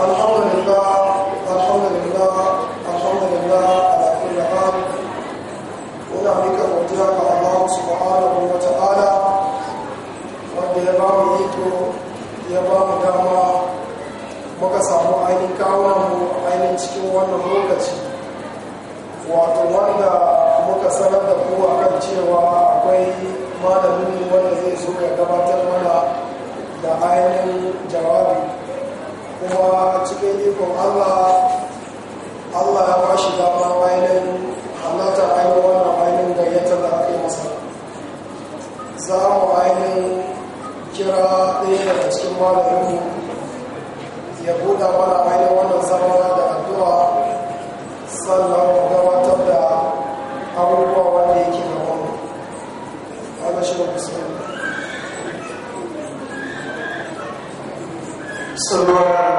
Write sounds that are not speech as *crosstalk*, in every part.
الحمد لله الحمد لله الحمد لله على كل حال ونعمك مرجعك الله سبحانه وتعالى ya ba mu ya ba mu dama muka samu ainihin kawonmu ainihin cikin wannan lokaci wato wanda muka sanar da ku a kan cewa akwai malamin wanda zai so ya gabatar mana da ainihin jawabi kuma cikin ikon allah allah ya ba shi dama bayanin halatta ainihin wannan bayanin gayyatar da aka yi masa za mu ainihin kira ɗaya daga cikin malaminmu ya buɗa mana ainihin wannan zama da addu'a sannan mu gabatar da abubuwa wanda yake da wani Allah shi da bismillah. Sallallahu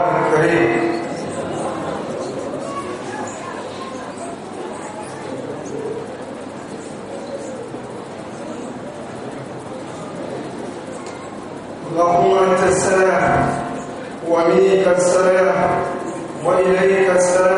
وأنت السلام ومنك السلام وإليك السلام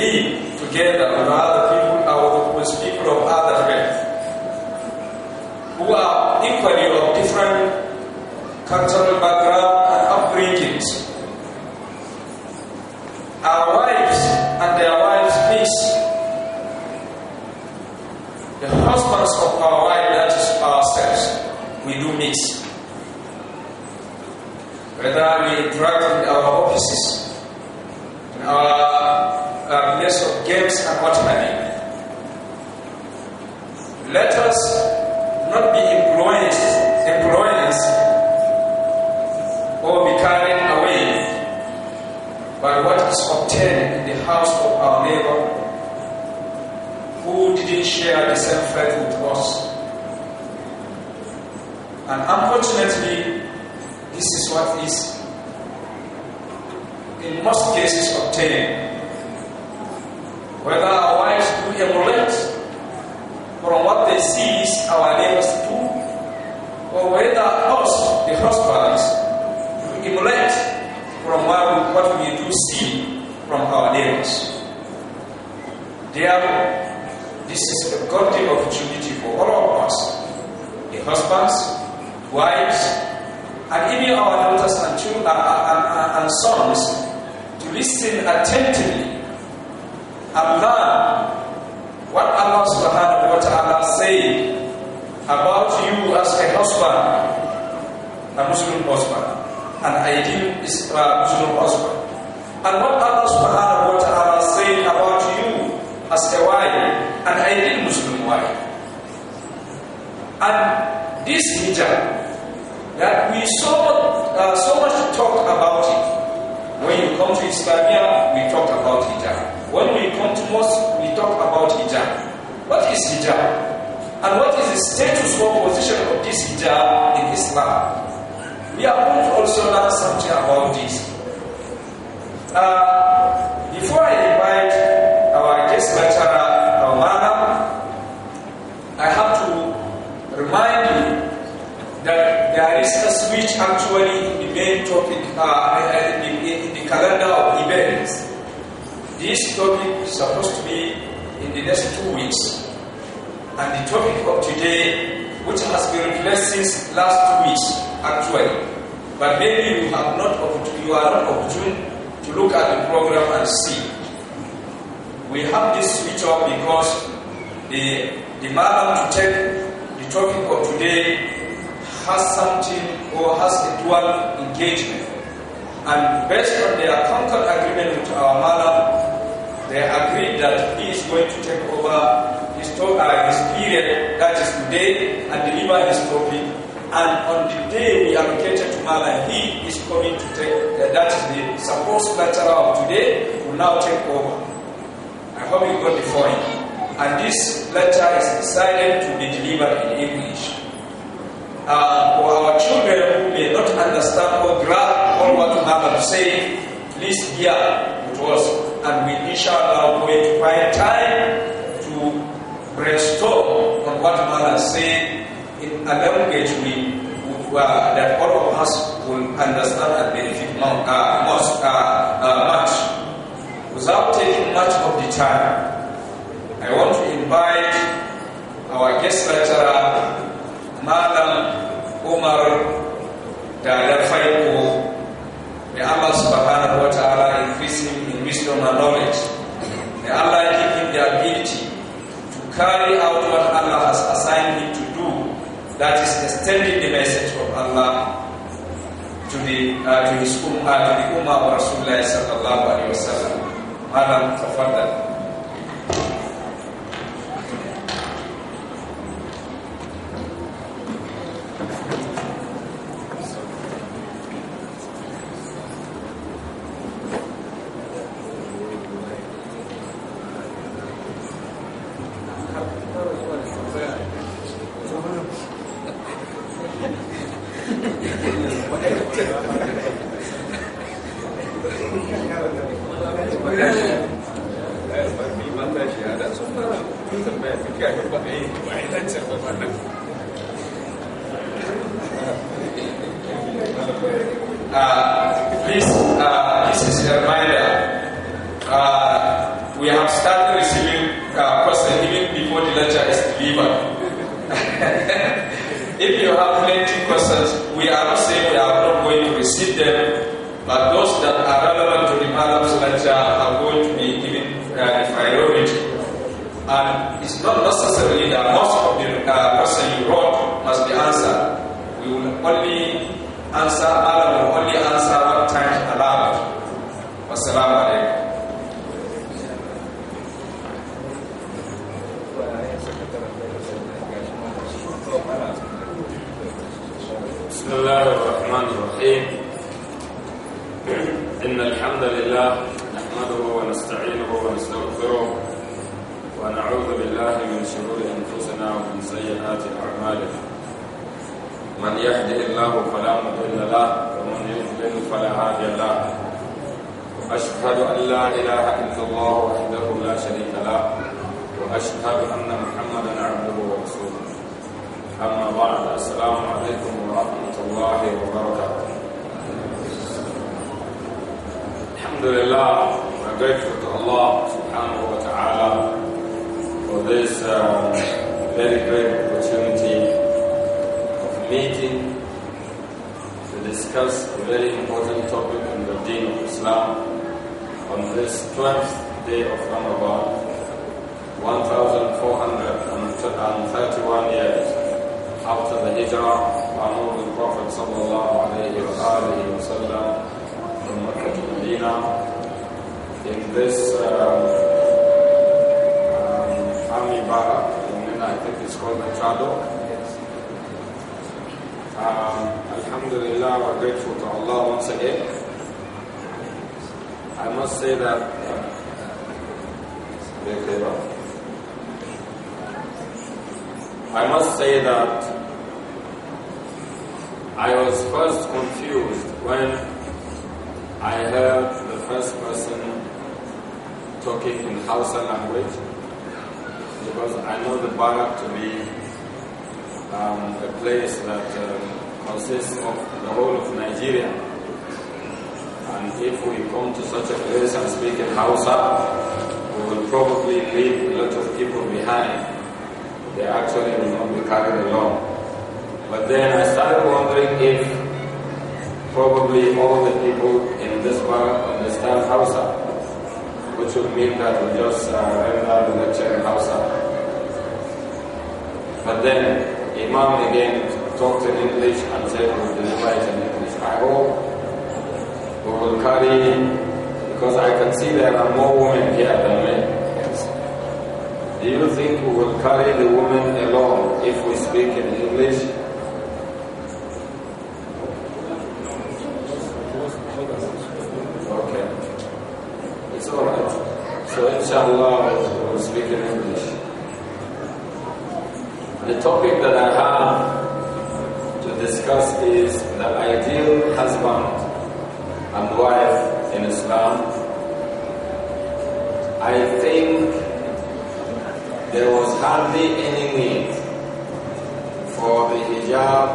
live together with other people with people of other faith who are equally of different cultural background and upbringings. Our wives and their wives' peace. The husbands of our wives, that is ourselves, we do mix. Whether we interact in our offices, in our games are money. Let us not be influenced, influenced or be carried away by what is obtained in the house of our neighbor who didn't share the same faith with us. And unfortunately, this is what is in most cases obtained whether our wives do emulate from what they see is our neighbors do, or whether us, the husbands, do emulate from what we do see from our neighbors. Therefore, this is a godly opportunity for all of us, the husbands, wives, and even our daughters and children and, and, and sons, to listen attentively apply what Allah subhanahu wa ta'ala said about you as a husband, a Muslim husband, an ideal uh, Muslim husband. And what Allah subhanahu wa ta'ala said about you as a wife, an ideal Muslim wife. And this hijab that we so uh, so much talked about it. When you come to Islamia, we talked about hijab. When we come to mosque, we talk about hijab. What is hijab? And what is the status or position of this hijab in Islam? We are going to also learn something about this. Uh, before I invite our guest lecturer, our I have to remind you that there is a switch actually in the main topic, uh, in, in the calendar of events. This topic is supposed to be in the next two weeks. And the topic of today, which has been replaced since last two weeks, actually. But maybe you have not you are not opportune to look at the program and see. We have this switch off because the the madam to take the topic of today has something or has a dual engagement. And based on their concord agreement with our Malam, they agreed that he is going to take over his, to- uh, his period, that is today, and deliver his copy. And on the day we allocated to Malam, he is coming to take, uh, that is the supposed lecturer of today, will now take over. I hope you got the point. And this letter is decided to be delivered in English. Uh, for our children who may not understand or grasp all what you have to say, please hear with us. And we inshallah going to find time to restore. on what Madam said in a language we, we uh, that all of us will understand and benefit not, uh, most, uh, uh, much. Without taking much of the time, I want to invite our guest lecturer, Madam Omar Dada May Allah subhanahu wa ta'ala increase him in wisdom and knowledge. May Allah give him the ability to carry out what Allah has assigned him to do, that is extending the message of Allah to the uh, to his ummah, uh, to the ummah of Rasulullah sallallahu alayhi wa sallam. Madam, tafaddal. Alhamdulillah, we are grateful to Allah subhanahu wa ta'ala for this uh, very great opportunity of meeting to discuss a very important topic in the deen of Islam on this 12th day of Ramadan, 1431 years after the Hijrah of our Prophet sallallahu alayhi wa sallam Medina in this um, um, family barrack in Medina, I think it's called Machado. Um, Alhamdulillah, we're grateful to Allah once again. I must say that um, I must say that I was first confused when I heard the first person talking in Hausa language because I know the Barak to be um, a place that um, consists of the whole of Nigeria. And if we come to such a place and speak in Hausa, we will probably leave a lot of people behind. They actually will not be carried along. But then I started wondering if probably all the people this one understand Hausa, which would mean that we just uh, render the lecture in Hausa. But then Imam again talked in English and said we'll deliver it in English. I hope we will carry, because I can see there are more women here than men. Do you think we will carry the women along if we speak in English? The topic that I have to discuss is the ideal husband and wife in Islam. I think there was hardly any need for the hijab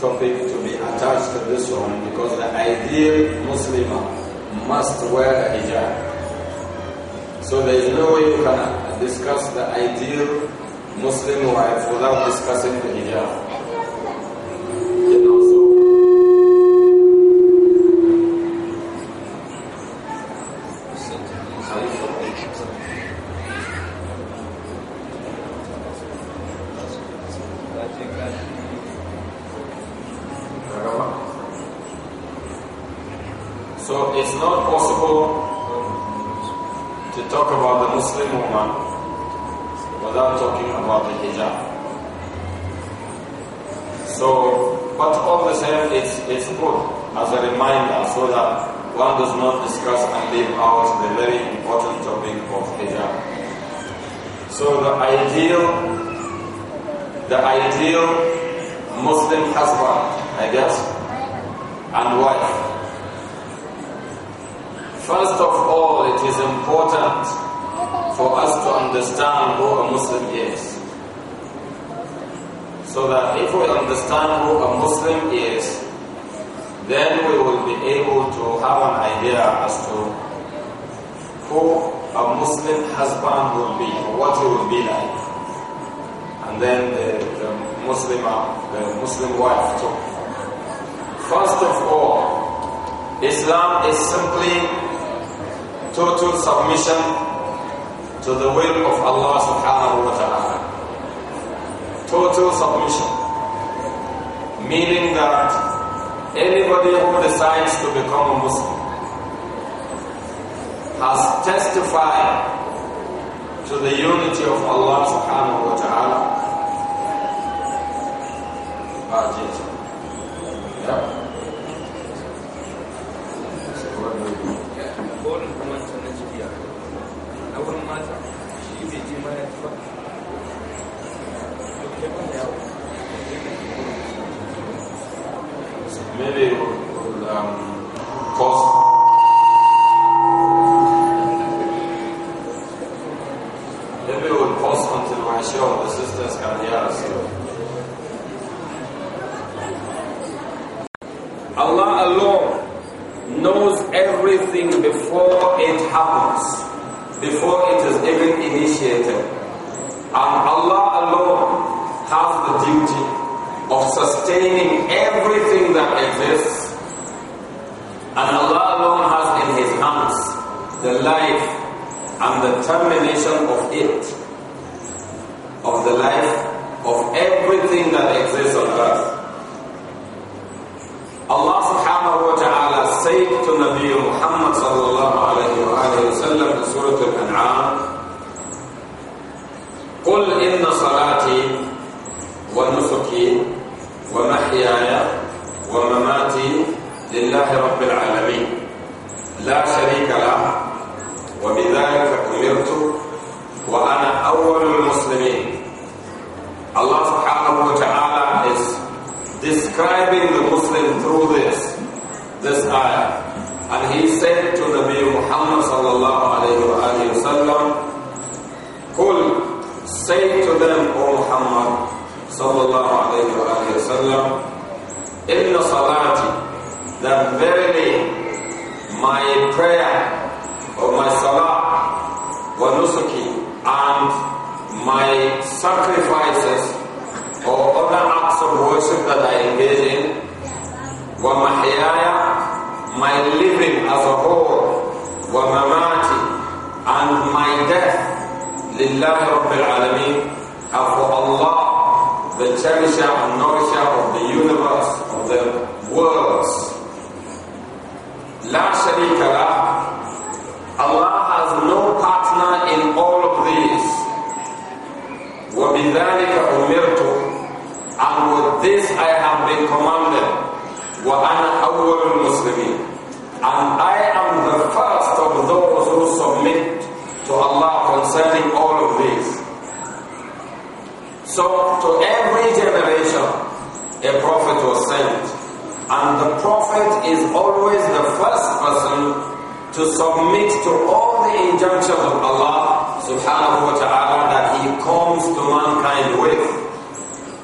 topic to be attached to this one because the ideal Muslim must wear a hijab. So there is no way you can discuss the ideal Muslim wife without discussing the hijab. meaning that anybody who decides to become a Muslim has testified to the unity of Allah subhanahu wa ta'ala. yeah. vero, my prayer or my salah wa nusuki and my sacrifices or other acts of worship that I engage in wa mahyaya my living as a whole wa mamati and my death lillahi rabbil alameen are for Allah the cherisher and nourisher of the universe of the worlds La Sharika Allah has no partner in all of these. وَبِذَلِكَ أُمِرْتُ And with this I have been commanded. ana أَوَّلُ muslimin, And I am the first of those who submit to Allah concerning all of these. So to every generation a prophet was sent and the Prophet is always the first person to submit to all the injunctions of Allah subhanahu wa ta'ala that He comes to mankind with.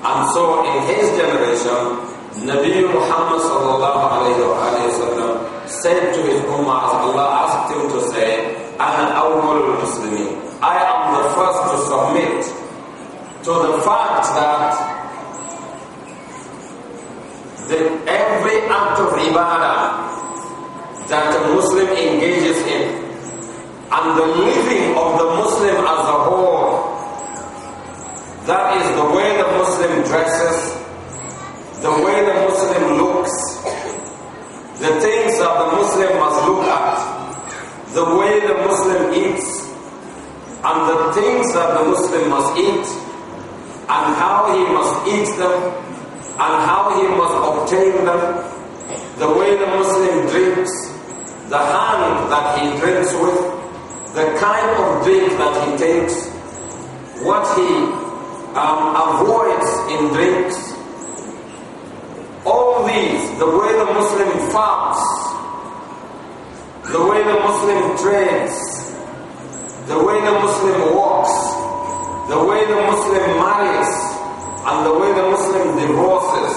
And so in his generation, Nabi Muhammad sallallahu alayhi wa sallam said to his ummah as Allah asked him to say, Ana I am the first to submit to the fact that then every act of ibadah that a Muslim engages in and the living of the Muslim as a whole, that is the way the Muslim dresses, the way the Muslim looks, the things that the Muslim must look at, the way the Muslim eats, and the things that the Muslim must eat, and how he must eat them, and how he must obtain them, the way the Muslim drinks, the hand that he drinks with, the kind of drink that he takes, what he um, avoids in drinks. All these, the way the Muslim fasts, the way the Muslim trains, the way the Muslim walks, the way the Muslim marries, and the way the Muslim divorces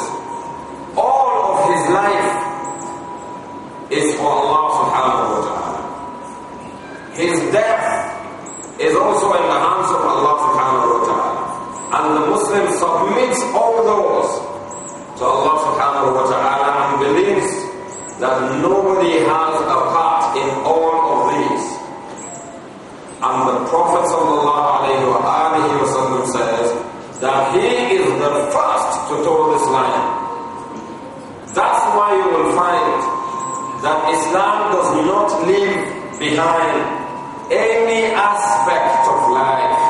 all of his life is for Allah subhanahu wa ta'ala. His death is also in the hands of Allah subhanahu wa ta'ala. And the Muslim submits all those to Allah subhanahu wa ta'ala and believes that nobody has a part in all of these. And the Prophet sallallahu alayhi wa alihi wa sallam says, that he is the first to toe this line. That's why you will find that Islam does not leave behind any aspect of life.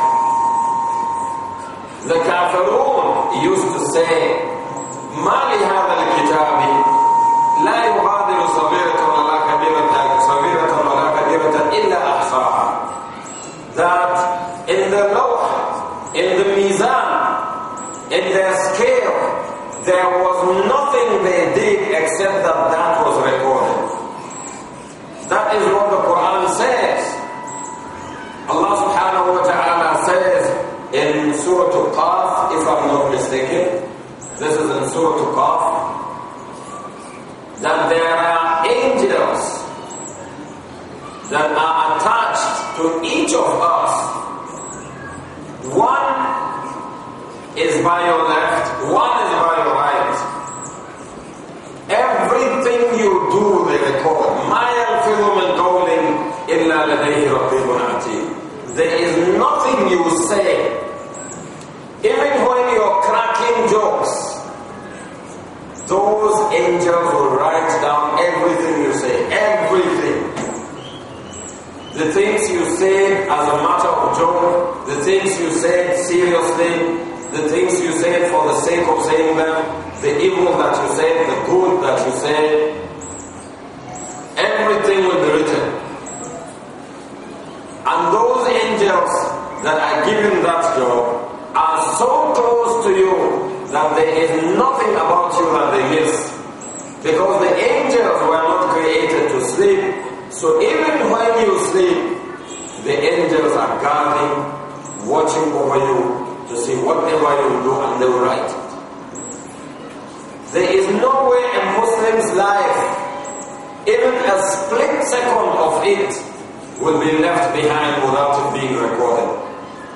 The Kafirun used to say, ما al الكتاب لا يغادر صغيرة ولا كبيرة صغيرة ولا كبيرة illa أحصاها. That in the law, in the mizan, in their scale, there was nothing they did except that that was recorded. That is what the Quran says. Allah subhanahu wa ta'ala says in Surah Al-Qaf, if I'm not mistaken, this is in Surah Al-Qaf, that there are angels that are attached to each of us. One is by your left, one is by your right. Everything you do, they record. مَا filament مِنْ Illa إِلَّا لَدَيْهِ There is nothing you say, even when you're cracking jokes, those angels will write down everything you say, everything. The things you say as a matter of joke, the things you said seriously, the things you say for the sake of saying them, the evil that you say, the good that you say, everything will be written. And those angels that are given that job are so close to you that there is nothing about you that they miss. Because the angels were not created to sleep. So even when you sleep, the angels are guarding, watching over you, to say whatever you do and they will write it. There is no way a Muslim's life, even a split second of it, will be left behind without it being recorded.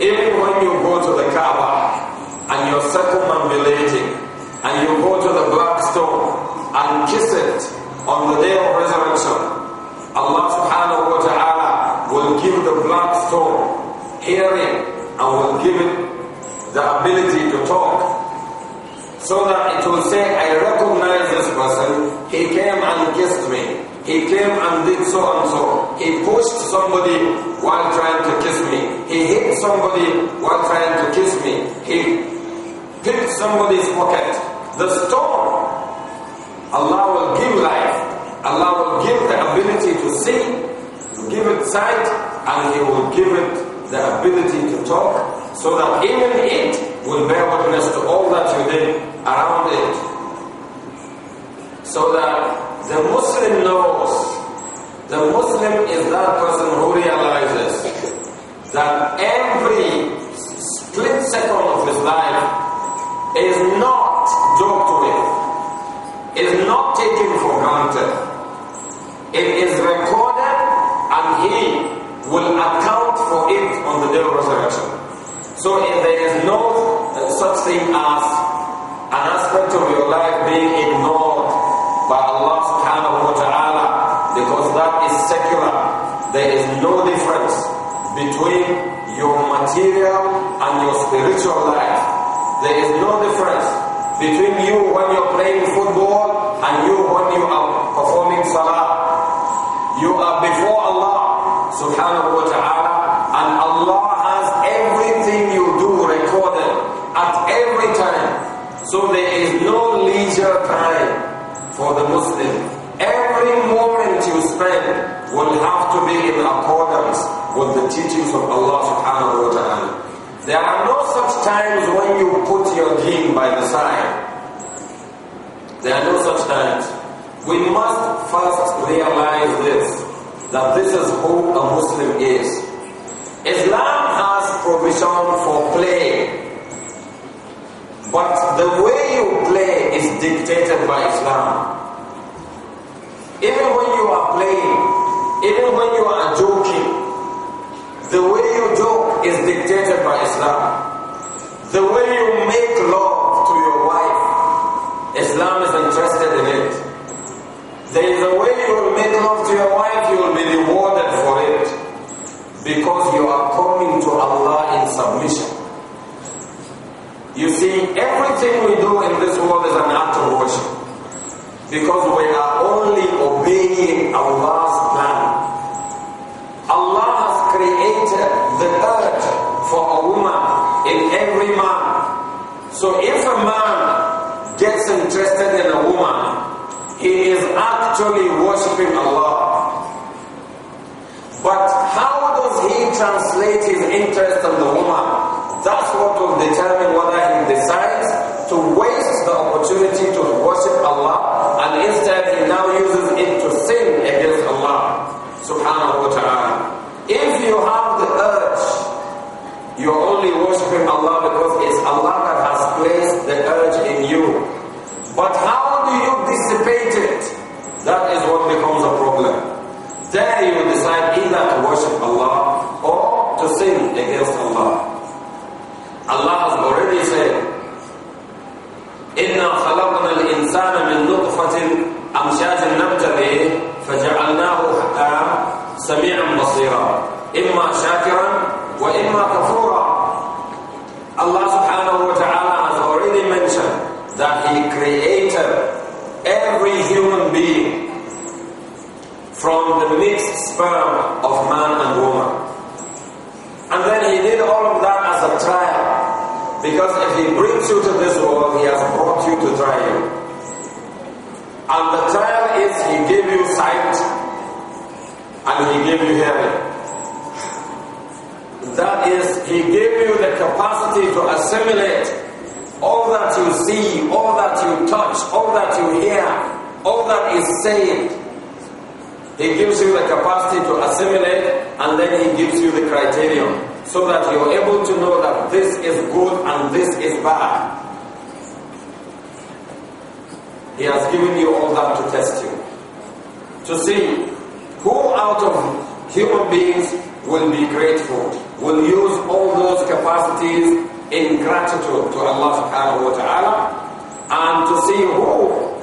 Even when you go to the Kaaba and you're circumambulating and you go to the black stone and kiss it on the day of resurrection, Allah subhanahu wa ta'ala will give the black stone hearing and will give it the ability to talk. So that it will say, I recognize this person, he came and kissed me, he came and did so and so, he pushed somebody while trying to kiss me, he hit somebody while trying to kiss me, he picked somebody's pocket. The storm, Allah will give life, Allah will give the ability to see, give it sight, and He will give it the ability to talk so that even it will bear witness to all that you did around it. So that the Muslim knows, the Muslim is that person who realizes that every split second of his life is not joked with, is not taken for granted. between your material and your spiritual life. There is no difference between you when you're put your dream by the side. There are no such times. We must first realize this, that this is who a Muslim is. Islam has provision for play. But the way you play is dictated by Islam. Even when you are playing, even when you are joking, the way you joke is dictated by Islam. The way you make love to your wife, Islam is interested in it. There is a way you will make love to your wife, you will be rewarded for it. Because you are coming to Allah in submission. You see, everything we do in this world is an act of worship. Because we are only obeying Allah's plan. Allah has created the character for a woman in every so if a man gets interested in a woman, he is actually worshipping Allah. But how does he translate his interest on in the woman? That's what will determine whether he decides to waste the opportunity to worship Allah and instead he now uses it to sin against Allah subhanahu wa ta'ala. If you have And the trial is he gave you sight and he gave you hearing. That is, he gave you the capacity to assimilate all that you see, all that you touch, all that you hear, all that is said. He gives you the capacity to assimilate and then he gives you the criterion so that you're able to know that this is good and this is bad. He has given you all that to test you. To see who out of human beings will be grateful, will use all those capacities in gratitude to Allah subhanahu wa ta'ala, and to see who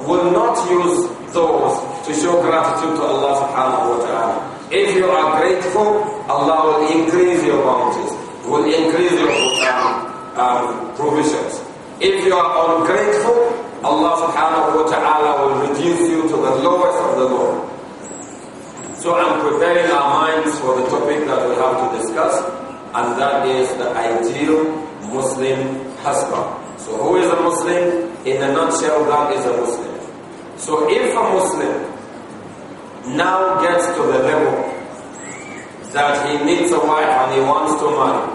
will not use those to show gratitude to Allah subhanahu wa ta'ala. If you are grateful, Allah will increase your bounties, will increase your um, um provisions. If you are ungrateful, Allah subhanahu wa ta'ala will reduce you to the lowest of the low. So I'm preparing our minds for the topic that we have to discuss, and that is the ideal Muslim husband. So who is a Muslim? In a nutshell, that is a Muslim. So if a Muslim now gets to the level that he needs a wife and he wants to marry,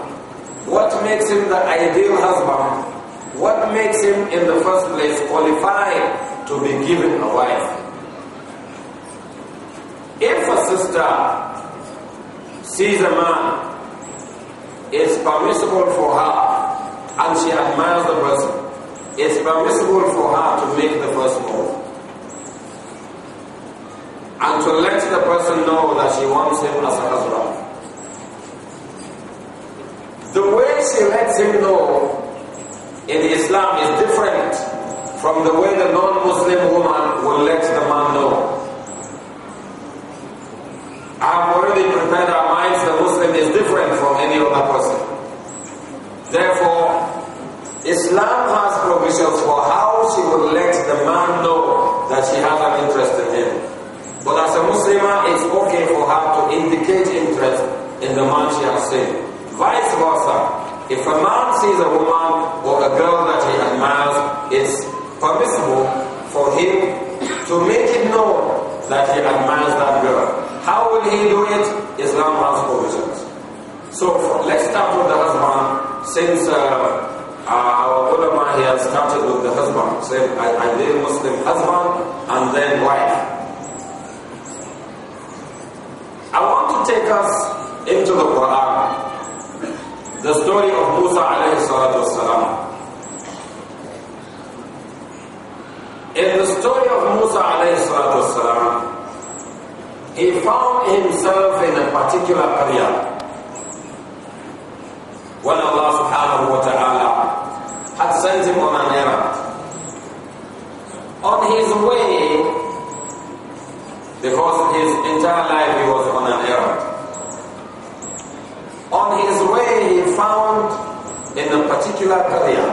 what makes him the ideal husband? What makes him in the first place qualified to be given a wife? If a sister sees a man, it's permissible for her and she admires the person. It's permissible for her to make the first move and to let the person know that she wants him as a husband. The way she lets him know in Islam is different from the way the non-Muslim woman will let the man know. I've already prepared our minds, the Muslim is different from any other person. Therefore, Islam has provisions for how she will let the man know that she has an interest in him. But as a Muslimah, it's okay for her to indicate interest in the man she has seen. Vice versa, if a man sees a woman or a girl that he admires, it's permissible for him to make it known that he admires that girl. How will he do it? Islam has provisions. So let's start with the husband, since uh, uh our ulama here started with the husband, say, I, I did Muslim husband and then wife. I want to take us into the Quran the story of Musa alayhi salatu wasalam. In the story of Musa alayhi salatu wasalam, he found himself in a particular area when Allah subhanahu wa ta'ala had sent him on an errand. On his way, because his entire life he was on an errand. On his way, found in a particular area,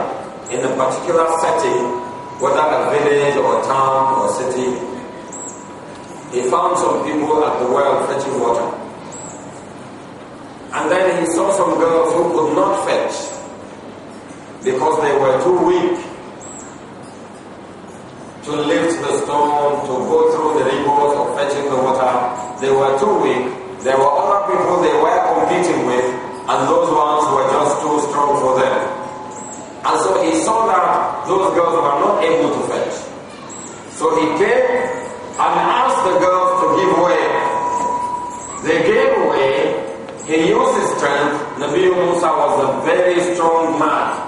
in a particular setting, whether a village or a town or a city, he found some people at the well fetching water. And then he saw some girls who could not fetch because they were too weak to lift the stone, to go through the rigors of fetching the water. They were too weak. There were other people they were competing with and those ones were just too strong for them. And so he saw that those girls were not able to fetch. So he came and asked the girls to give way. They gave way. He used his strength. Nabi Musa was a very strong man.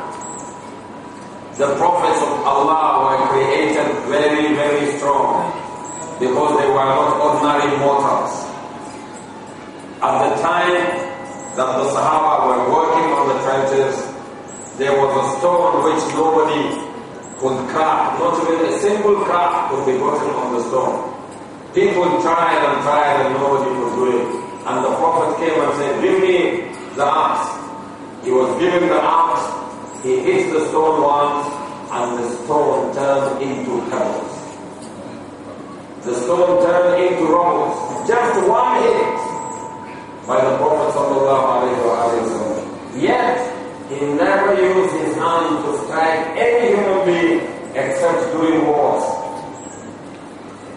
The prophets of Allah were created very, very strong because they were not ordinary mortals. At the time, that the Sahaba were working on the trenches, there was a stone which nobody could crack, not even a single crack could be gotten on the stone. People tried and tried and nobody could do it. And the Prophet came and said, Give me the axe. He was given the axe, he hit the stone once, and the stone turned into pebbles. The stone turned into rubble. Just one hit by the Prophet ﷺ. Yet, he never used his hand to strike any human being except during wars.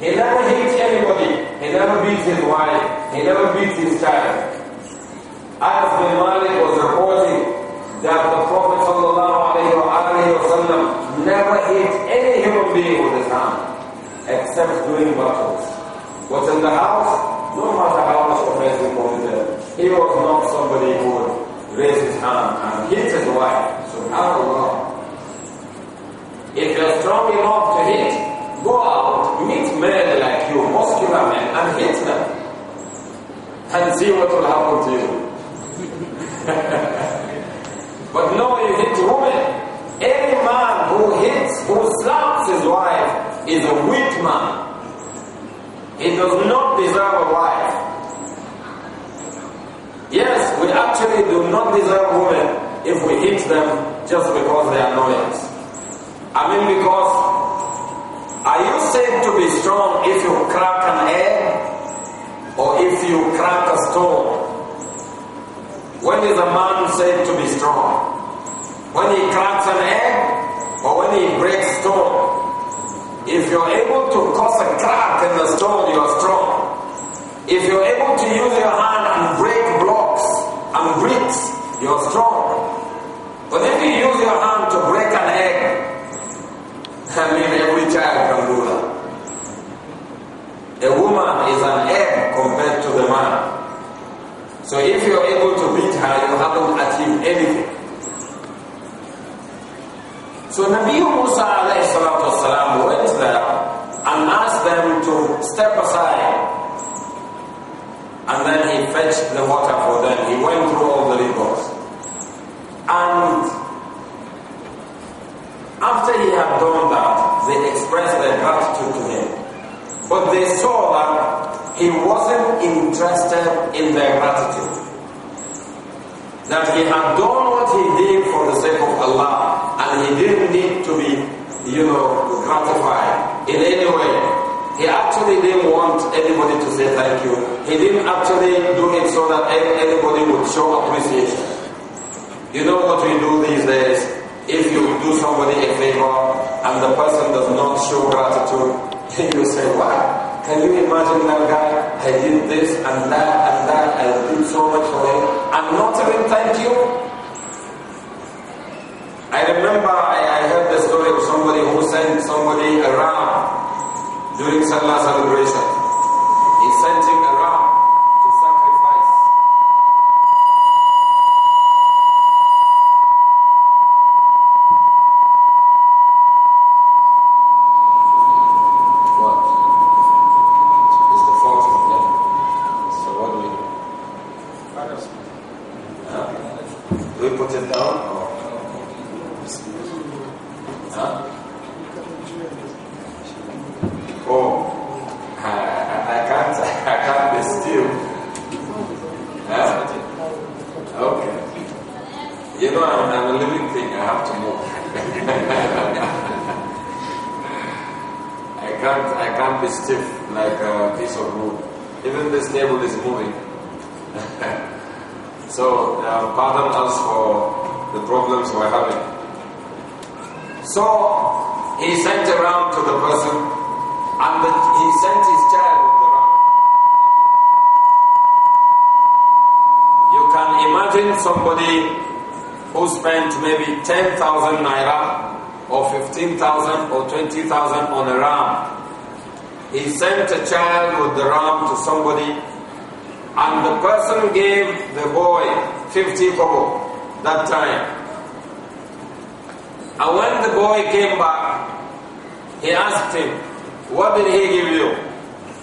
He never hit anybody. He never beat his wife. He never beat his child. As bin Malik was reporting that the Prophet ﷺ never hit any human being with his hand except during battles. What's in the house? Subhanahu hit his wife, subhanAllah. If you're strong enough to hit, go out, meet men like you, muscular men, and hit them. And see what will happen to you. *laughs* but no, you hit women. Any man who hits, who slaps his wife, is a weak man. He does not deserve a wife. Yes, we actually do not deserve women if we hit them just because they are us. I mean because are you said to be strong if you crack an egg or if you crack a stone? When is a man said to be strong? When he cracks an egg or when he breaks stone? If you're able to cause a crack in the stone, you are strong. If you're able to use your hand and break and breathe, you're strong. But if you use your hand to break an egg, I mean every child can do that. A woman is an egg compared to the man. So if you're able to beat her, you haven't achieved anything. So Nabi Musa alayhi salatu wasalam went there and asked them to step aside and then he fetched the water for them. He went through all the rivers. And after he had done that, they expressed their gratitude to him. But they saw that he wasn't interested in their gratitude. That he had done what he did for the sake of Allah and he didn't need to be, you know, gratified in any way he actually didn't want anybody to say thank you. He didn't actually do it so that anybody would show appreciation. You know what we do these days? If you do somebody a favor and the person does not show gratitude, *laughs* you say, why? Can you imagine that guy? I did this and that and that. I did so much for him. And not even thank you. I remember I, I heard the story of somebody who sent somebody around during Salah celebration. He sent him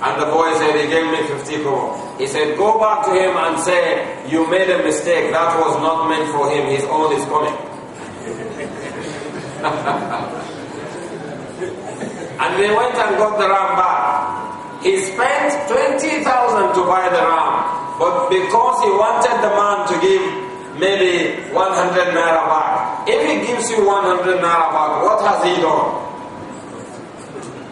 And the boy said, he gave me 50 kobo. He said, go back to him and say, you made a mistake. That was not meant for him. His own is coming. *laughs* and they went and got the ram back. He spent 20,000 to buy the ram. But because he wanted the man to give maybe 100 naira back, if he gives you 100 naira back, what has he done?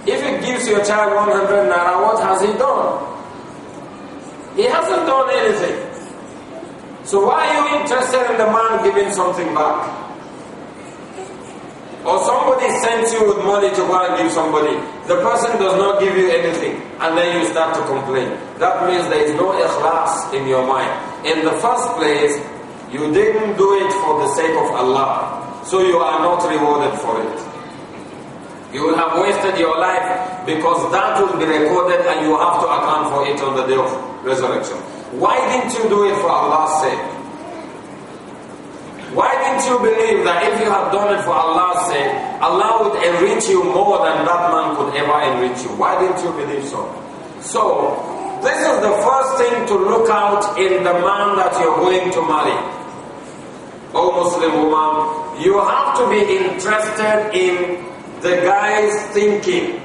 If he gives your child 100 naira, what has he done? He hasn't done anything. So why are you interested in the man giving something back? Or somebody sends you with money to go and give somebody. The person does not give you anything. And then you start to complain. That means there is no ikhlas in your mind. In the first place, you didn't do it for the sake of Allah. So you are not rewarded for it. You will have wasted your life because that will be recorded and you have to account for it on the day of resurrection. Why didn't you do it for Allah's sake? Why didn't you believe that if you had done it for Allah's sake, Allah would enrich you more than that man could ever enrich you? Why didn't you believe so? So, this is the first thing to look out in the man that you're going to marry. Oh Muslim woman, you have to be interested in the guy's thinking.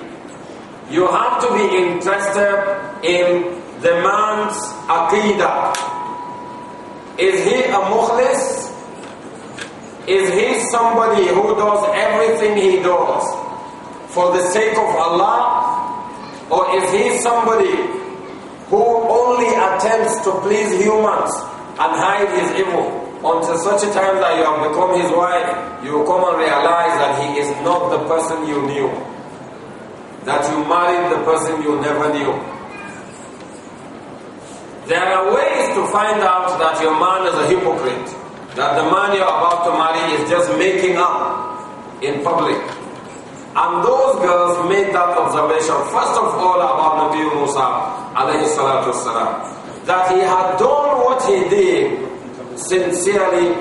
You have to be interested in the man's aqidah. Is he a mukhlis? Is he somebody who does everything he does for the sake of Allah? Or is he somebody who only attempts to please humans and hide his evil? until such a time that you have become his wife, you will come and realize that he is not the person you knew. That you married the person you never knew. There are ways to find out that your man is a hypocrite. That the man you're about to marry is just making up in public. And those girls made that observation, first of all, about Nabi Musa, that he had done what he did sincerely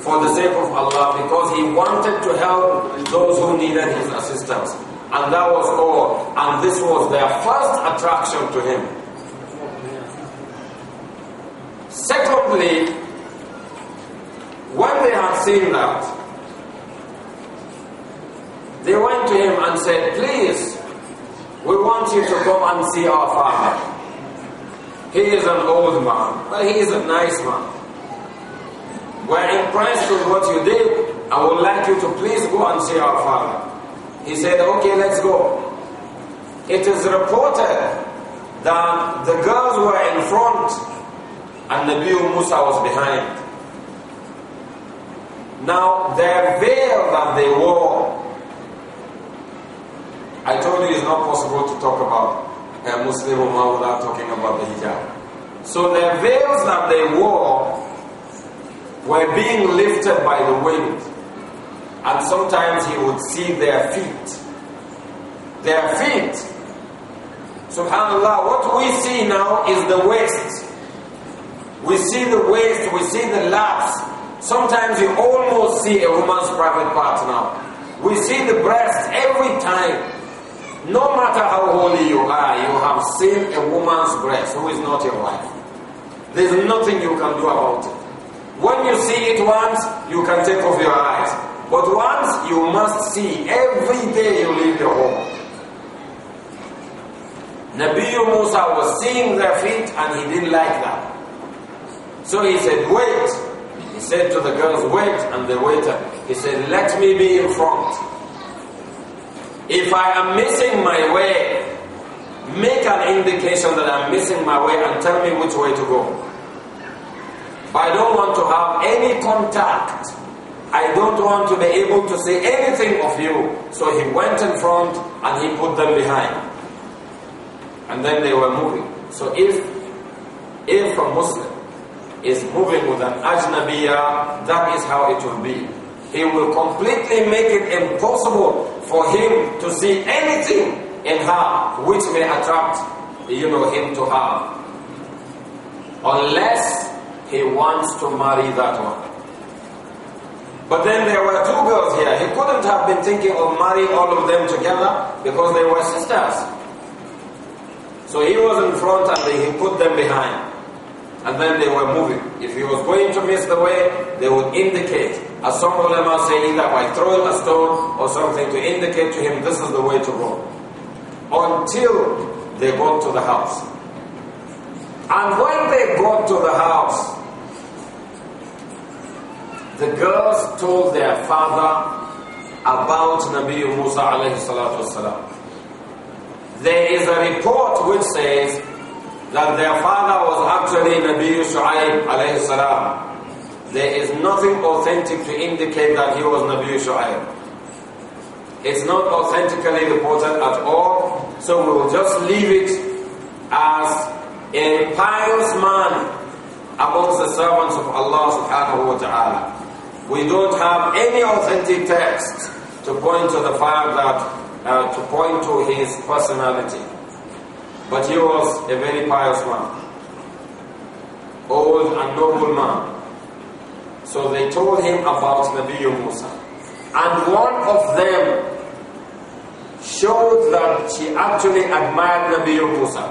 for the sake of Allah because he wanted to help those who needed his assistance. And that was all. And this was their first attraction to him. Secondly, when they had seen that, they went to him and said, Please, we want you to come and see our father. He is an old man, but he is a nice man. We're impressed with what you did. I would like you to please go and see our father. He said, okay, let's go. It is reported that the girls were in front and Nabi Musa was behind. Now, their veil that they wore, I told you it's not possible to talk about a Muslim woman without talking about the hijab. So the veils that they wore were being lifted by the wind. And sometimes he would see their feet. Their feet. Subhanallah, what we see now is the waist. We see the waist, we see the laps. Sometimes you almost see a woman's private part now. We see the breast every time. No matter how holy you are, you have seen a woman's breast who is not your wife. There's nothing you can do about it. When you see it once, you can take off your eyes. But once, you must see every day you leave your home. Nabi Musa was seeing their feet and he didn't like that. So he said, wait. He said to the girls, wait. And the waiter, he said, let me be in front. If I am missing my way, make an indication that I'm missing my way and tell me which way to go. I don't want to have any contact. I don't want to be able to say anything of you. So he went in front and he put them behind. And then they were moving. So if, if a Muslim is moving with an ajnabiya, that is how it will be. He will completely make it impossible for him to see anything in her which may attract, you know, him to her. Unless he wants to marry that one. But then there were two girls here. He couldn't have been thinking of marrying all of them together because they were sisters. So he was in front and he put them behind. And then they were moving. If he was going to miss the way, they would indicate. As some ulama say, either by throwing a stone or something to indicate to him this is the way to go. Until they got to the house. And when they got to the house, the girls told their father about Nabi Musa alayhi salatu wasalam. There is a report which says that their father was actually Nabi Shu'aib alayhi salam. There is nothing authentic to indicate that he was Nabi Shu'aib. It's not authentically reported at all, so we will just leave it as a pious man amongst the servants of Allah subhanahu wa ta'ala. We don't have any authentic text to point to the fact that, uh, to point to his personality. But he was a very pious man, old and noble man. So they told him about Nabi Musa. And one of them showed that she actually admired Nabi Musa.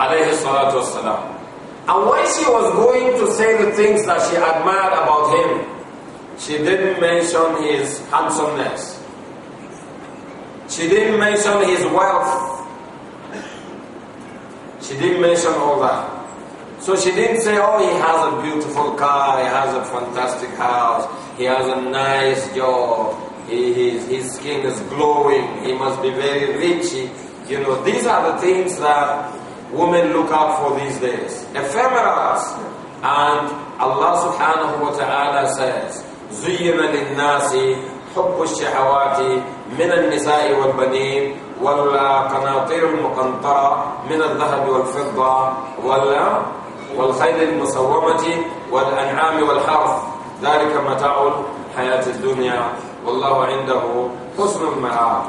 Alayhi salatu wasalam. And when she was going to say the things that she admired about him, she didn't mention his handsomeness. She didn't mention his wealth. She didn't mention all that. So she didn't say, oh, he has a beautiful car, he has a fantastic house, he has a nice job, he, his, his skin is glowing, he must be very rich. He, you know, these are the things that women look out for these days. Ephemerals. And Allah subhanahu wa ta'ala says, زُيِّنَ لِلنَّاسِ حب الشهوات من النساء والبنين والقناطير المقنطرة من الذهب والفضة وال والخيل المصومة والأنعام والحرث ذلك متاع الحياة الدنيا والله عنده حسن المآب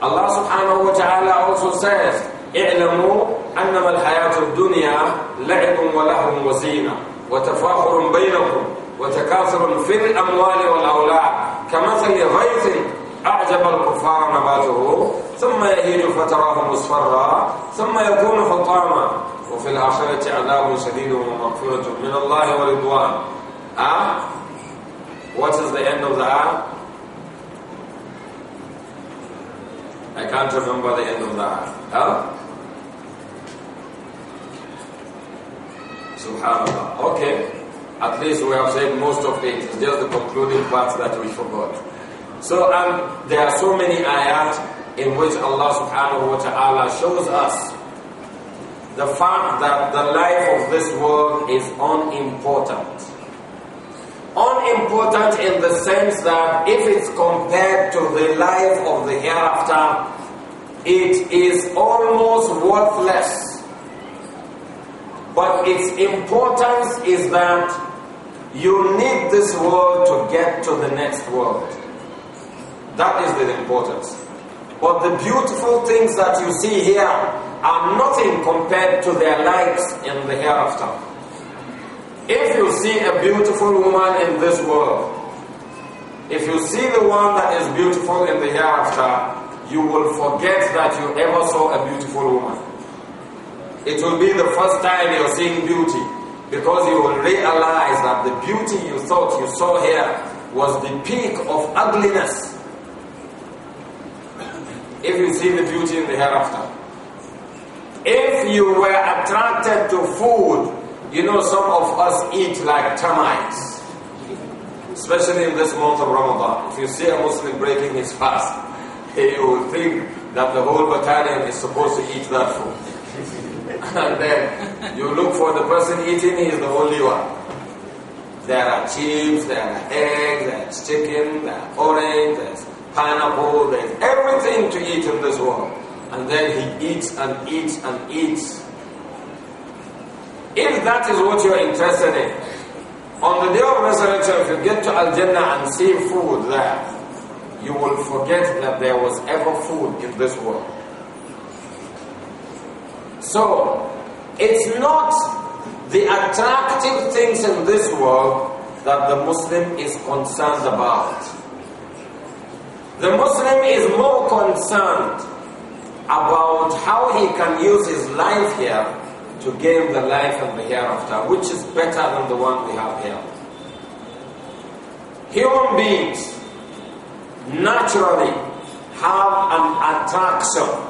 Allah subhanahu wa ta'ala also says اعلموا أنما الحياة الدنيا لعب ولهو وزينة وتفاخر بينكم وتكاثر في الأموال والأولاد كمثل غيث أعجب الكفار نباته ثم يهين فتراه مصفرا ثم يكون حطاما وفي الآخرة عذاب شديد ومغفرة من الله ورضوان أه? What is the end of the ayah? آية؟ I can't remember the end of the ayah. آية. Huh? آه؟ Subhanallah. Okay. At least we have said most of it. It's just the concluding parts that we forgot. So um, there are so many ayat in which Allah subhanahu wa ta'ala shows us the fact that the life of this world is unimportant. Unimportant in the sense that if it's compared to the life of the hereafter, it is almost worthless. But its importance is that you need this world to get to the next world. That is the importance. But the beautiful things that you see here are nothing compared to their lives in the hereafter. If you see a beautiful woman in this world, if you see the one that is beautiful in the hereafter, you will forget that you ever saw a beautiful woman. It will be the first time you're seeing beauty because you will realize that the beauty you thought you saw here was the peak of ugliness. If you see the beauty in the hereafter. If you were attracted to food, you know some of us eat like termites. Especially in this month of Ramadan. If you see a Muslim breaking his fast, *laughs* he will think that the whole battalion is supposed to eat that food and *laughs* then you look for the person eating, he is the only one. There are chips, there are eggs, there's chicken, there's orange, there's pineapple, there's everything to eat in this world. And then he eats and eats and eats. If that is what you're interested in, on the day of resurrection, if you get to Al Jannah and see food there, you will forget that there was ever food in this world. So, it's not the attractive things in this world that the Muslim is concerned about. The Muslim is more concerned about how he can use his life here to gain the life and the hereafter, which is better than the one we have here. Human beings naturally have an attraction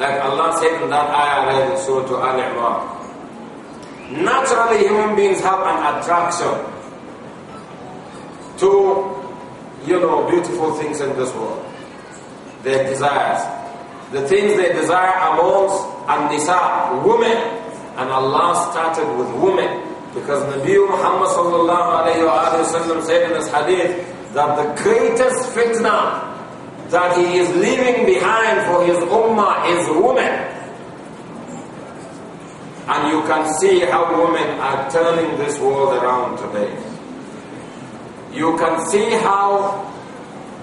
like Allah said in that ayah read in Surah Al Imran. Naturally, human beings have an attraction to, you know, beautiful things in this world. Their desires. The things they desire amongst and nisa women. And Allah started with women. Because Nabi Muhammad sallallahu alayhi wa said in his hadith that the greatest fitna that he is leaving behind for his ummah is women. And you can see how women are turning this world around today. You can see how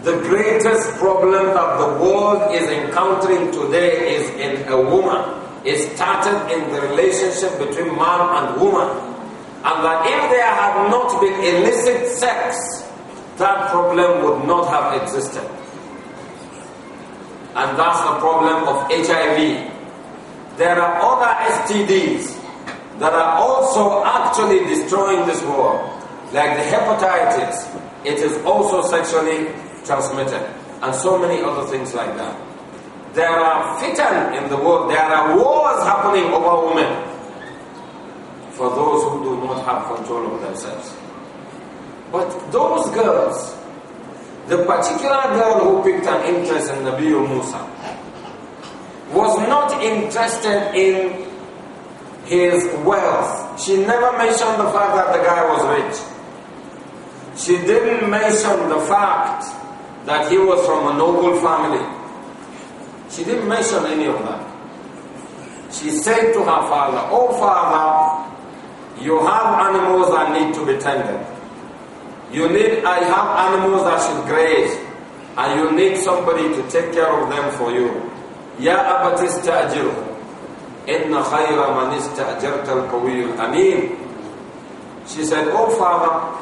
the greatest problem that the world is encountering today is in a woman. It started in the relationship between man and woman. And that if there had not been illicit sex, that problem would not have existed. And that's the problem of HIV. There are other STDs that are also actually destroying this world, like the hepatitis. It is also sexually transmitted, and so many other things like that. There are fitter in the world. There are wars happening over women for those who do not have control of themselves. But those girls the particular girl who picked an interest in Nabi Musa was not interested in his wealth. She never mentioned the fact that the guy was rich. She didn't mention the fact that he was from a noble family. She didn't mention any of that. She said to her father, Oh father, you have animals that need to be tended. You need, I have animals that should graze, and you need somebody to take care of them for you. يا أبت استأجره إن خير من استأجرت القوي الأمين She said, Oh father,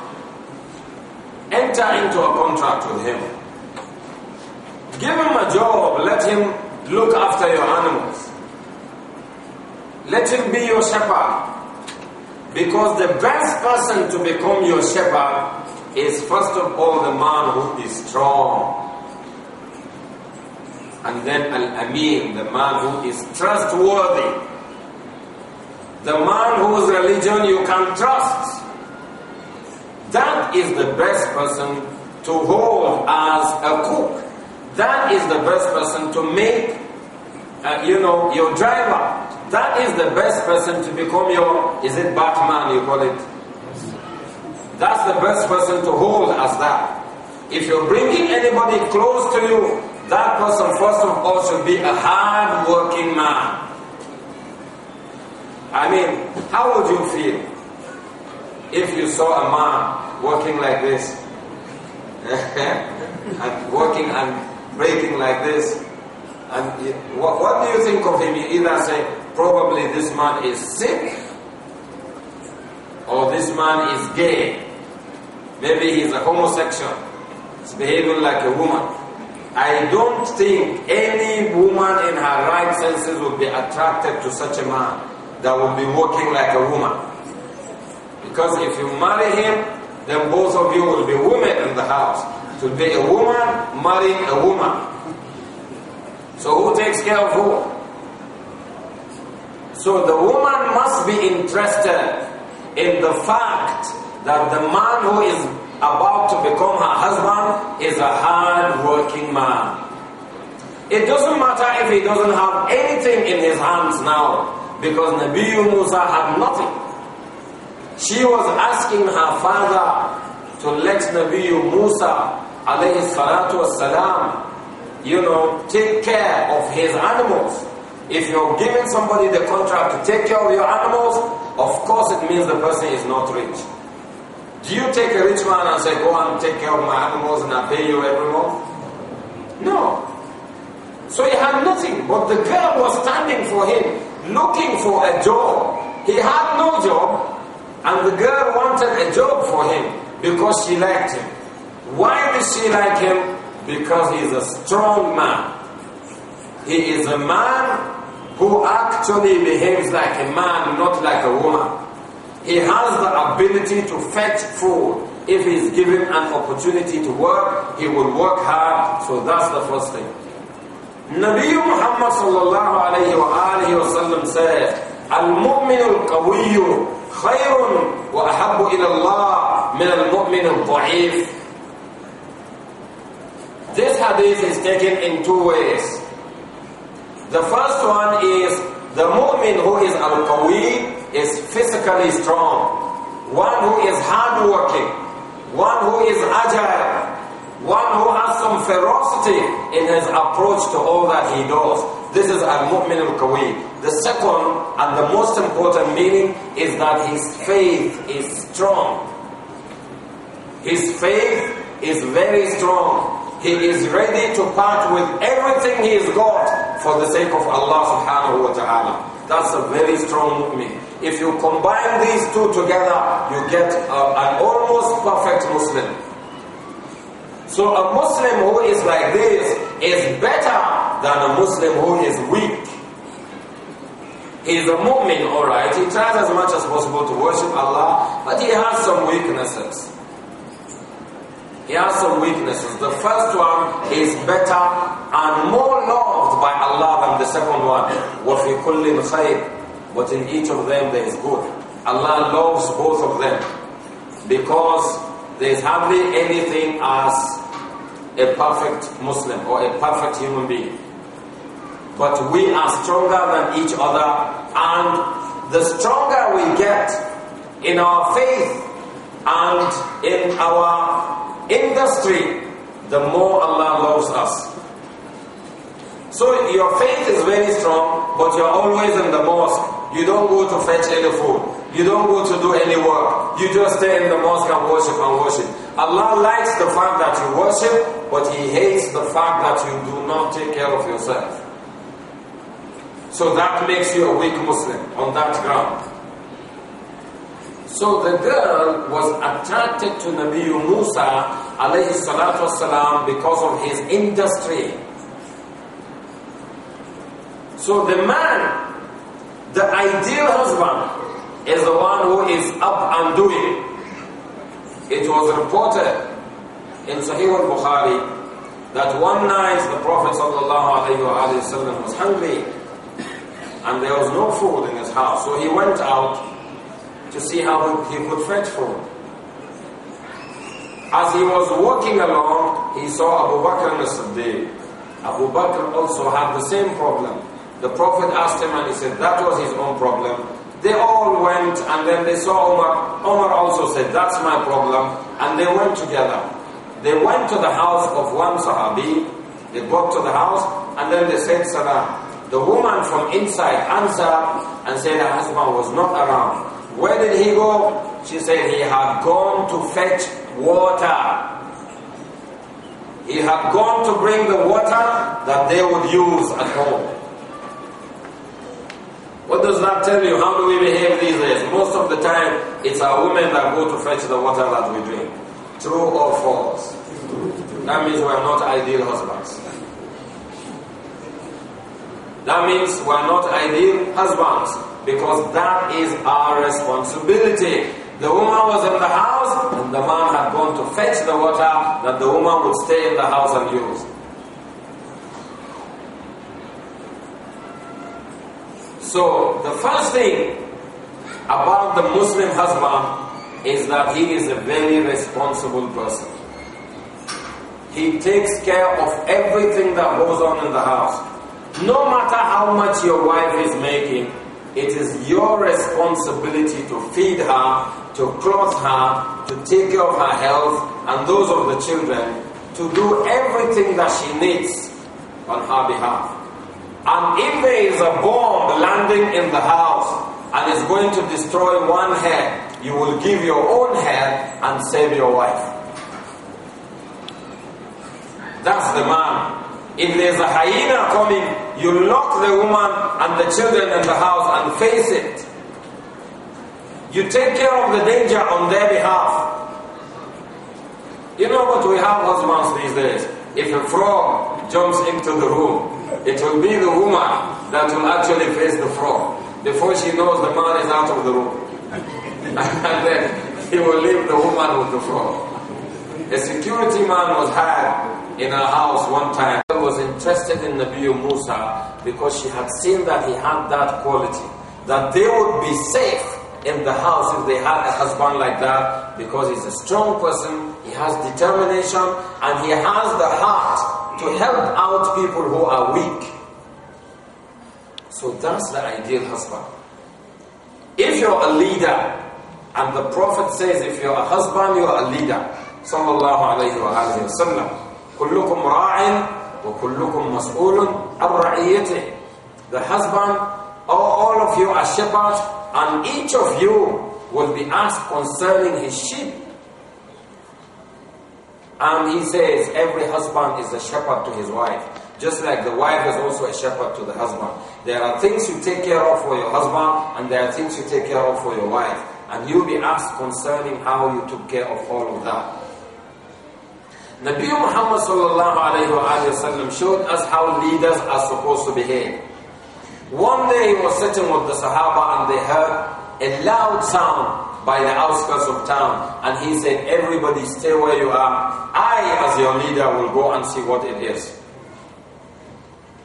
enter into a contract with him. Give him a job. Let him look after your animals. Let him be your shepherd. Because the best person to become your shepherd is first of all the man who is strong. And then Al-Amin, the man who is trustworthy. The man whose religion you can trust. That is the best person to hold as a cook. That is the best person to make, uh, you know, your driver. That is the best person to become your, is it Batman you call it? That's the best person to hold as that. If you're bringing anybody close to you, that person first of all should be a hard-working man. I mean, how would you feel if you saw a man working *laughs* like this? and working and breaking like this. And what, what do you think of him? You either say, probably this man is sick, or this man is gay, Maybe he's a homosexual. He's behaving like a woman. I don't think any woman in her right senses would be attracted to such a man that would be walking like a woman. Because if you marry him, then both of you will be women in the house. To be a woman marrying a woman. So who takes care of who? So the woman must be interested in the fact that the man who is about to become her husband is a hard-working man. It doesn't matter if he doesn't have anything in his hands now, because Nabi Musa had nothing. She was asking her father to let Nabi Musa, alayhi salatu wasalam, you know, take care of his animals. If you're giving somebody the contract to take care of your animals, of course it means the person is not rich. Do you take a rich man and say, go and take care of my animals and I pay you every month? No. So he had nothing, but the girl was standing for him, looking for a job. He had no job, and the girl wanted a job for him because she liked him. Why did she like him? Because he is a strong man. He is a man who actually behaves like a man, not like a woman. He has the ability to fetch food. If he is given an opportunity to work, he will work hard. So that's the first thing. Nabi Muhammad sallallahu alayhi wa alihi wa sallam said, wa القوي خير Allah min al من al الضعيف. This hadith is taken in two ways. The first one is the mu'min who is al-qawi is physically strong, one who is hardworking, one who is agile, one who has some ferocity in his approach to all that he does. This is al-mu'min al-qawi. The second and the most important meaning is that his faith is strong. His faith is very strong. He is ready to part with everything he has got for the sake of Allah subhanahu wa ta'ala. That's a very strong mu'min. If you combine these two together, you get a, uh, an almost perfect Muslim. So a Muslim who is like this is better than a Muslim who is weak. He is a mu'min, alright. He tries as much as possible to worship Allah, but he has some weaknesses. He has some weaknesses. The first one is better and more loved by Allah than the second one. وَفِي كُلِّ خَيْرٍ but in each of them there is good. Allah loves both of them because there is hardly anything as a perfect Muslim or a perfect human being. But we are stronger than each other, and the stronger we get in our faith and in our industry, the more Allah loves us. So your faith is very strong, but you're always in the mosque you don't go to fetch any food. You don't go to do any work. You just stay in the mosque and worship and worship. Allah likes the fact that you worship, but He hates the fact that you do not take care of yourself. So that makes you a weak Muslim on that ground. So the girl was attracted to Nabi Musa alayhi salatu because of his industry. So the man the ideal husband is the one who is up and doing. It was reported in Sahih al-Bukhari that one night the Prophet ﷺ was hungry and there was no food in his house. So he went out to see how he could fetch food. As he was walking along, he saw Abu Bakr as-Siddiq. Abu Bakr also had the same problem. The Prophet asked him and he said that was his own problem. They all went and then they saw Omar. Omar also said, that's my problem. And they went together. They went to the house of one Sahabi. They got to the house and then they said salam. The woman from inside answered and said her husband was not around. Where did he go? She said he had gone to fetch water. He had gone to bring the water that they would use at home. What does that tell you? How do we behave these days? Most of the time, it's our women that go to fetch the water that we drink. True or false? That means we are not ideal husbands. That means we are not ideal husbands because that is our responsibility. The woman was in the house and the man had gone to fetch the water that the woman would stay in the house and use. So the first thing about the Muslim husband is that he is a very responsible person. He takes care of everything that goes on in the house. No matter how much your wife is making, it is your responsibility to feed her, to clothe her, to take care of her health and those of the children, to do everything that she needs on her behalf. And if there is a bomb landing in the house and is going to destroy one head, you will give your own head and save your wife. That's the man. If there's a hyena coming, you lock the woman and the children in the house and face it. You take care of the danger on their behalf. You know what we have husbands these days? If a frog jumps into the room, it will be the woman that will actually face the frog before she knows the man is out of the room. *laughs* and then he will leave the woman with the frog. A security man was hired in her house one time. He was interested in Nabi Musa because she had seen that he had that quality, that they would be safe in the house if they had a husband like that because he's a strong person, he has determination, and he has the heart to help out people who are weak. So that's the ideal husband. If you're a leader, and the Prophet says if you're a husband, you're a leader. Sallallahu alayhi wa alayhi wa sallam. كلكم راع وكلكم مسؤول عن رعيته. The husband, all of you are shepherds, and each of you will be asked concerning his sheep. And he says, every husband is a shepherd to his wife, just like the wife is also a shepherd to the husband. There are things you take care of for your husband, and there are things you take care of for your wife. And you'll be asked concerning how you took care of all of that. Nabi Muhammad sallallahu alayhi wa sallam showed us how leaders are supposed to behave. One day he was sitting with the Sahaba and they heard a loud sound by the outskirts of town. And he said, Everybody stay where you are. I, as your leader, will go and see what it is.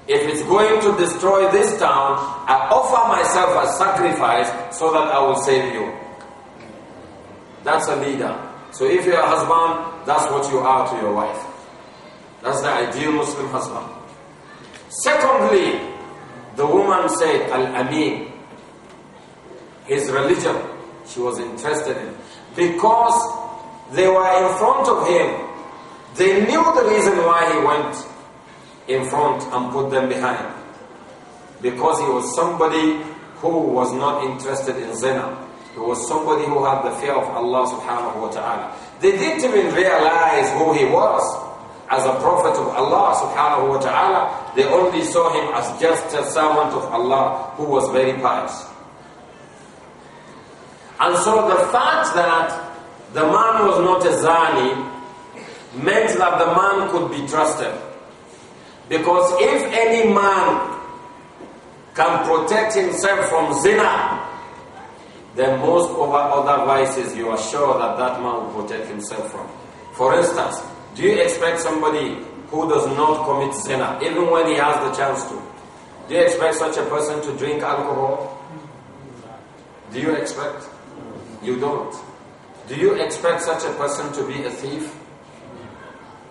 If it's going to destroy this town, I offer myself as sacrifice so that I will save you. That's a leader. So if you're a husband, that's what you are to your wife. That's the ideal Muslim husband. Secondly, the woman said, Al Amin, his religion she was interested in. Because they were in front of him. They knew the reason why he went in front and put them behind. Because he was somebody who was not interested in zina. He was somebody who had the fear of Allah subhanahu wa ta'ala. They didn't even realize who he was as a prophet of Allah subhanahu wa ta'ala. They only saw him as just a servant of Allah who was very pious. And so the fact that the man was not a Zani meant that the man could be trusted. Because if any man can protect himself from zina, then most of our other vices you are sure that that man will protect himself from. For instance, do you expect somebody who does not commit zina, even when he has the chance to? Do you expect such a person to drink alcohol? Do you expect? You don't. Do you expect such a person to be a thief?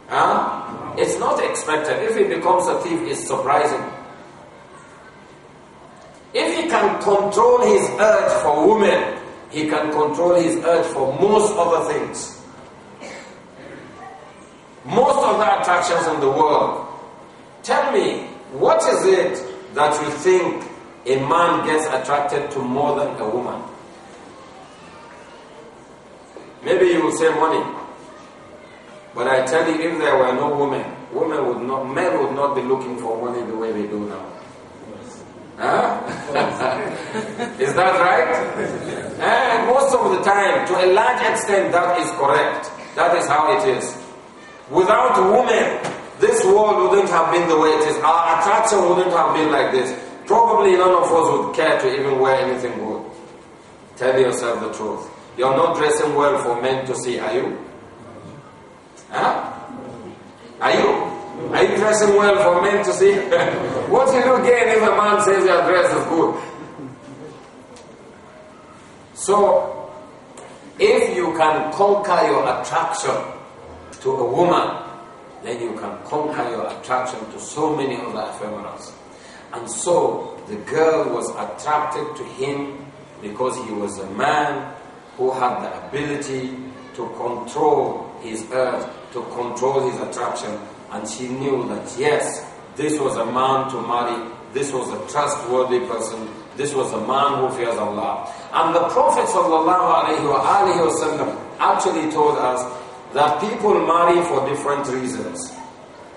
Huh? It's not expected. If he becomes a thief, it's surprising. If he can control his urge for women, he can control his urge for most other things. Most of the attractions in the world. Tell me, what is it that you think a man gets attracted to more than a woman? Maybe you will say money. But I tell you, if there were no women, women would not, men would not be looking for money the way they do now. Huh? *laughs* is that right? And most of the time, to a large extent, that is correct. That is how it is. Without women, this world wouldn't have been the way it is. Our attraction wouldn't have been like this. Probably none of us would care to even wear anything good. Tell yourself the truth. You're not dressing well for men to see, are you? Huh? Are you? Are you dressing well for men to see? *laughs* what you do gain if a man says your dress is good? So, if you can conquer your attraction to a woman, then you can conquer your attraction to so many other ephemerals. And so, the girl was attracted to him because he was a man who had the ability to control his earth, to control his attraction, and she knew that yes, this was a man to marry, this was a trustworthy person, this was a man who fears Allah. And the Prophet actually told us that people marry for different reasons.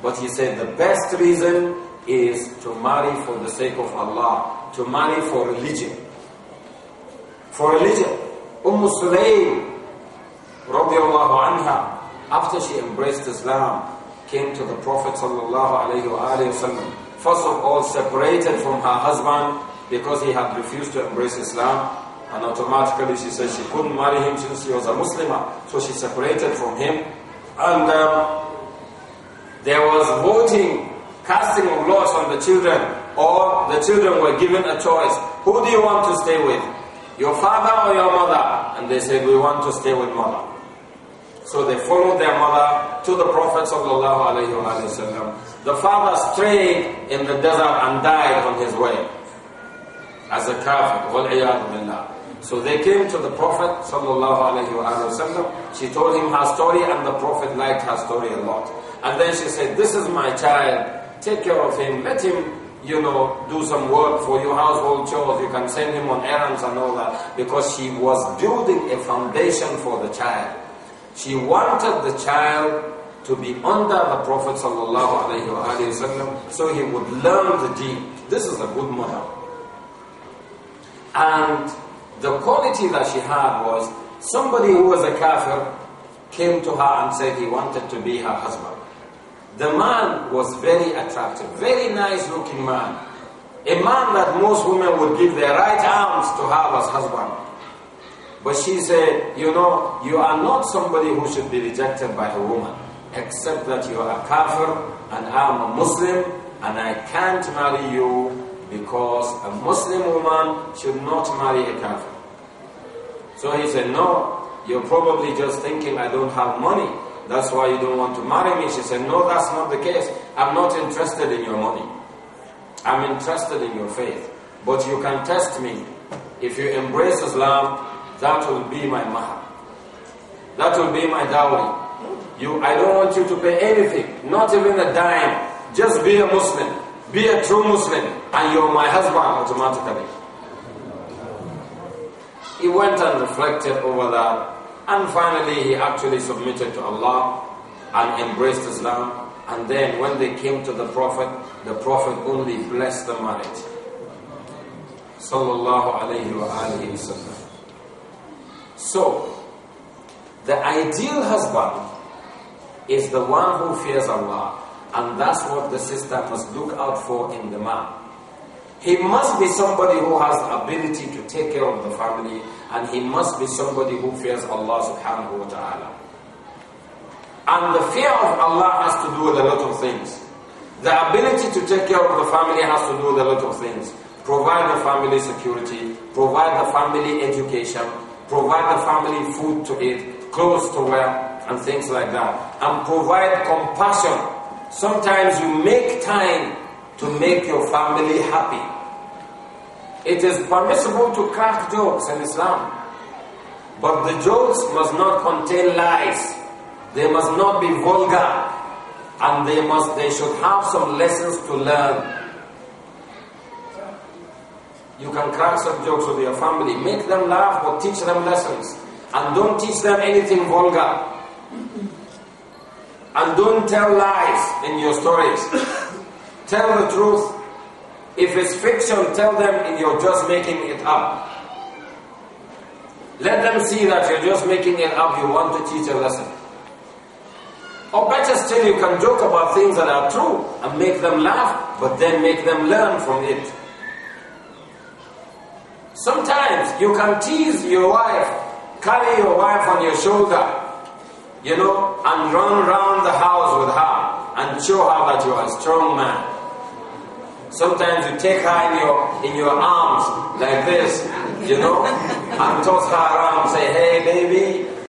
But he said the best reason is to marry for the sake of Allah, to marry for religion. For religion. Umm Sulaym radiallahu anha, after she embraced Islam, came to the Prophet sallallahu alayhi wa First of all, separated from her husband because he had refused to embrace Islam. And automatically she said she couldn't marry him since he was a Muslimah. So she separated from him. And um, there was voting, casting of lots on the children. Or the children were given a choice. Who do you want to stay with? your father or your mother? And they said, we want to stay with mother. So they followed their mother to the Prophet ﷺ. The father strayed in the desert and died on his way as a kafir. So they came to the Prophet ﷺ. She told him her story and the Prophet liked her story a lot. And then she said, this is my child. Take care of him. Let him you know, do some work for your household chores. You can send him on errands and all that. Because she was building a foundation for the child. She wanted the child to be under the Prophet ﷺ so he would learn the deen. This is a good mother. And the quality that she had was somebody who was a kafir came to her and said he wanted to be her husband. The man was very attractive, very nice looking man. A man that most women would give their right arms to have as husband. But she said, you know, you are not somebody who should be rejected by a woman, except that you are a kafir and I'm a Muslim and I can't marry you because a Muslim woman should not marry a kafir. So he said, no, you're probably just thinking I don't have money. That's why you don't want to marry me. She said, No, that's not the case. I'm not interested in your money. I'm interested in your faith. But you can test me. If you embrace Islam, that will be my mahar. That will be my dowry. You, I don't want you to pay anything, not even a dime. Just be a Muslim. Be a true Muslim, and you're my husband automatically. He went and reflected over that and finally, he actually submitted to Allah and embraced Islam. And then when they came to the Prophet, the Prophet only blessed the marriage. Sallallahu alayhi wa alayhi wa So, the ideal husband is the one who fears Allah. And that's what the sister must look out for in the man. He must be somebody who has the ability to take care of the family and he must be somebody who fears Allah subhanahu wa ta'ala. And the fear of Allah has to do with a lot of things. The ability to take care of the family has to do with a lot of things. Provide the family security, provide the family education, provide the family food to eat, clothes to wear, and things like that. And provide compassion. Sometimes you make time to make your family happy. It is permissible to crack jokes in Islam, but the jokes must not contain lies. They must not be vulgar, and they must they should have some lessons to learn. You can crack some jokes with your family, make them laugh, but teach them lessons, and don't teach them anything vulgar. And don't tell lies in your stories. Tell the truth. If it's fiction, tell them you're just making it up. Let them see that you're just making it up, you want to teach a lesson. Or better still, you can joke about things that are true and make them laugh, but then make them learn from it. Sometimes you can tease your wife, carry your wife on your shoulder, you know, and run around the house with her and show her that you are a strong man. Sometimes you take her in your, in your arms like this, you know, and toss her around, say, hey, baby,